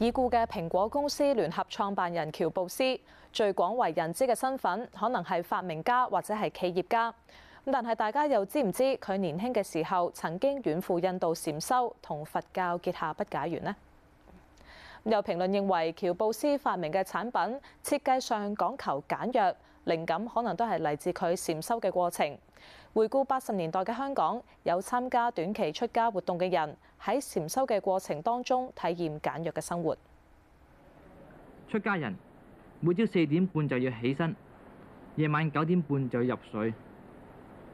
已故嘅蘋果公司聯合創辦人喬布斯，最廣為人知嘅身份可能係發明家或者係企業家。但係大家又知唔知佢年輕嘅時候曾經遠赴印度禪修，同佛教結下不解緣呢？有評論認為喬布斯發明嘅產品設計上講求簡約，靈感可能都係嚟自佢禪修嘅過程。回顧八十年代嘅香港，有參加短期出家活動嘅人。喺禪修嘅過程當中體驗簡約嘅生活。出家人每朝四點半就要起身，夜晚九點半就要入睡，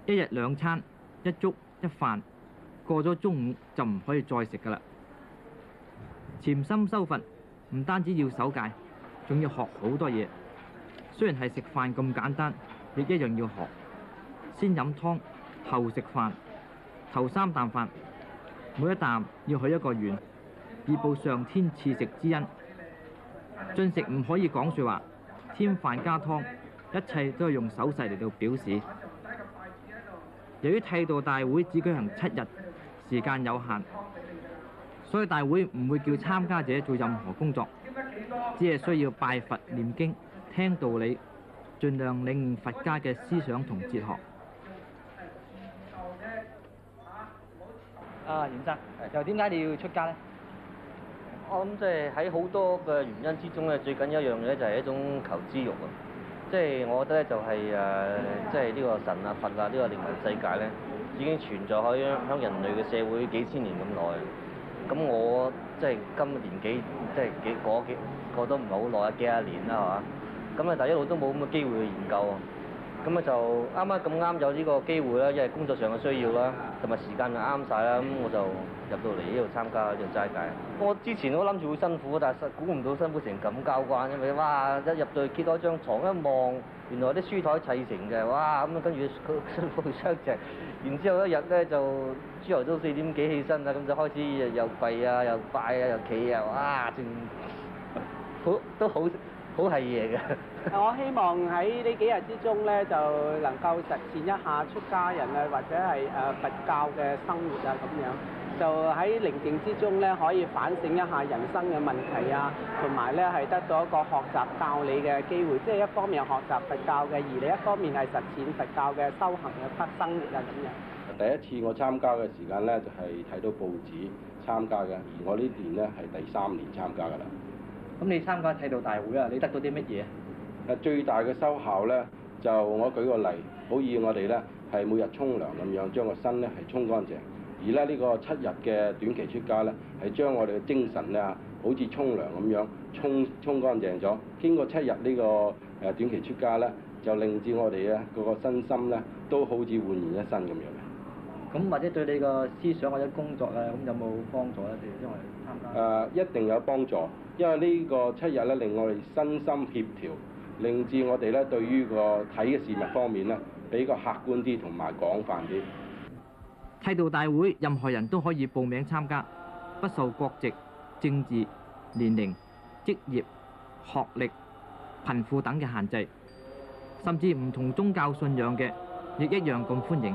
一日兩餐，一粥一飯。過咗中午就唔可以再食㗎喇。潛心修佛唔單止要守戒，仲要學好多嘢。雖然係食飯咁簡單，亦一樣要學。先飲湯後食飯，頭三啖飯。每一啖要許一個願，以報上天賜食之恩。進食唔可以講說話，添飯加湯，一切都係用手勢嚟到表示。由於剃度大會只舉行七日，時間有限，所以大會唔會叫參加者做任何工作，只係需要拜佛念經、聽道理，盡量領悟佛家嘅思想同哲學。啊，袁生，又點解你要出家咧？我諗即係喺好多嘅原因之中咧，最緊要一樣咧就係一種求知欲啊！即係我覺得咧、就係呃，就係誒，即係呢個神啊、佛啊呢、呢個靈魂世界咧，已經存在喺響人類嘅社會幾千年咁耐。咁我即係、就係、今年幾年，即、就、係、係、幾過咗幾唔係好耐啊？幾廿年啦，係嘛？咁啊，但係一路都冇咁嘅機會去研究。咁啊就啱啱咁啱有呢個機會啦，因為工作上嘅需要啦，同埋時間就啱晒啦，咁、嗯、我就入到嚟呢度參加呢場齋解。嗯、我之前都諗住會辛苦，但係實估唔到辛苦成咁交關，因為哇一入到去攤多張床一望，原來啲書台砌成嘅，哇咁跟住個信封箱隻， 然之後一日咧就朝頭早四點幾起身啊，咁就開始又跪啊，又拜啊，又企啊，哇正好 都好。好係嘢嘅。 我希望喺呢幾日之中呢，就能夠實踐一下出家人啊，或者係誒佛教嘅生活啊咁樣。就喺寧靜之中呢，可以反省一下人生嘅問題啊，同埋呢，係得到一個學習教理嘅機會。即係一方面學習佛教嘅，而另一方面係實踐佛教嘅修行嘅生活啊咁樣。第一次我參加嘅時間呢，就係睇到報紙參加嘅，而我呢年呢，係第三年參加㗎啦。咁你參加剃度大會啊？你得到啲乜嘢？最大嘅收效呢，就我舉個例，好似我哋呢，係每日沖涼咁樣，將個身呢，係沖乾淨。而咧呢個七日嘅短期出家呢，係將我哋嘅精神呢，好似沖涼咁樣，沖沖，沖乾淨咗。經過七日呢個誒短期出家呢，就令至我哋咧個身心呢，都好似煥然一新咁樣。咁或者對你個思想或者工作啊，咁有冇幫助咧？譬如因為參加，一定有幫助，因為呢個七日咧令我哋身心協調，令至我哋咧對於個睇嘅事物方面咧，比較客觀啲同埋廣泛啲。剃度大會任何人都可以報名參加，不受國籍、政治、年齡、職業、學歷、貧富等嘅限制，甚至唔同宗教信仰嘅亦一樣咁歡迎。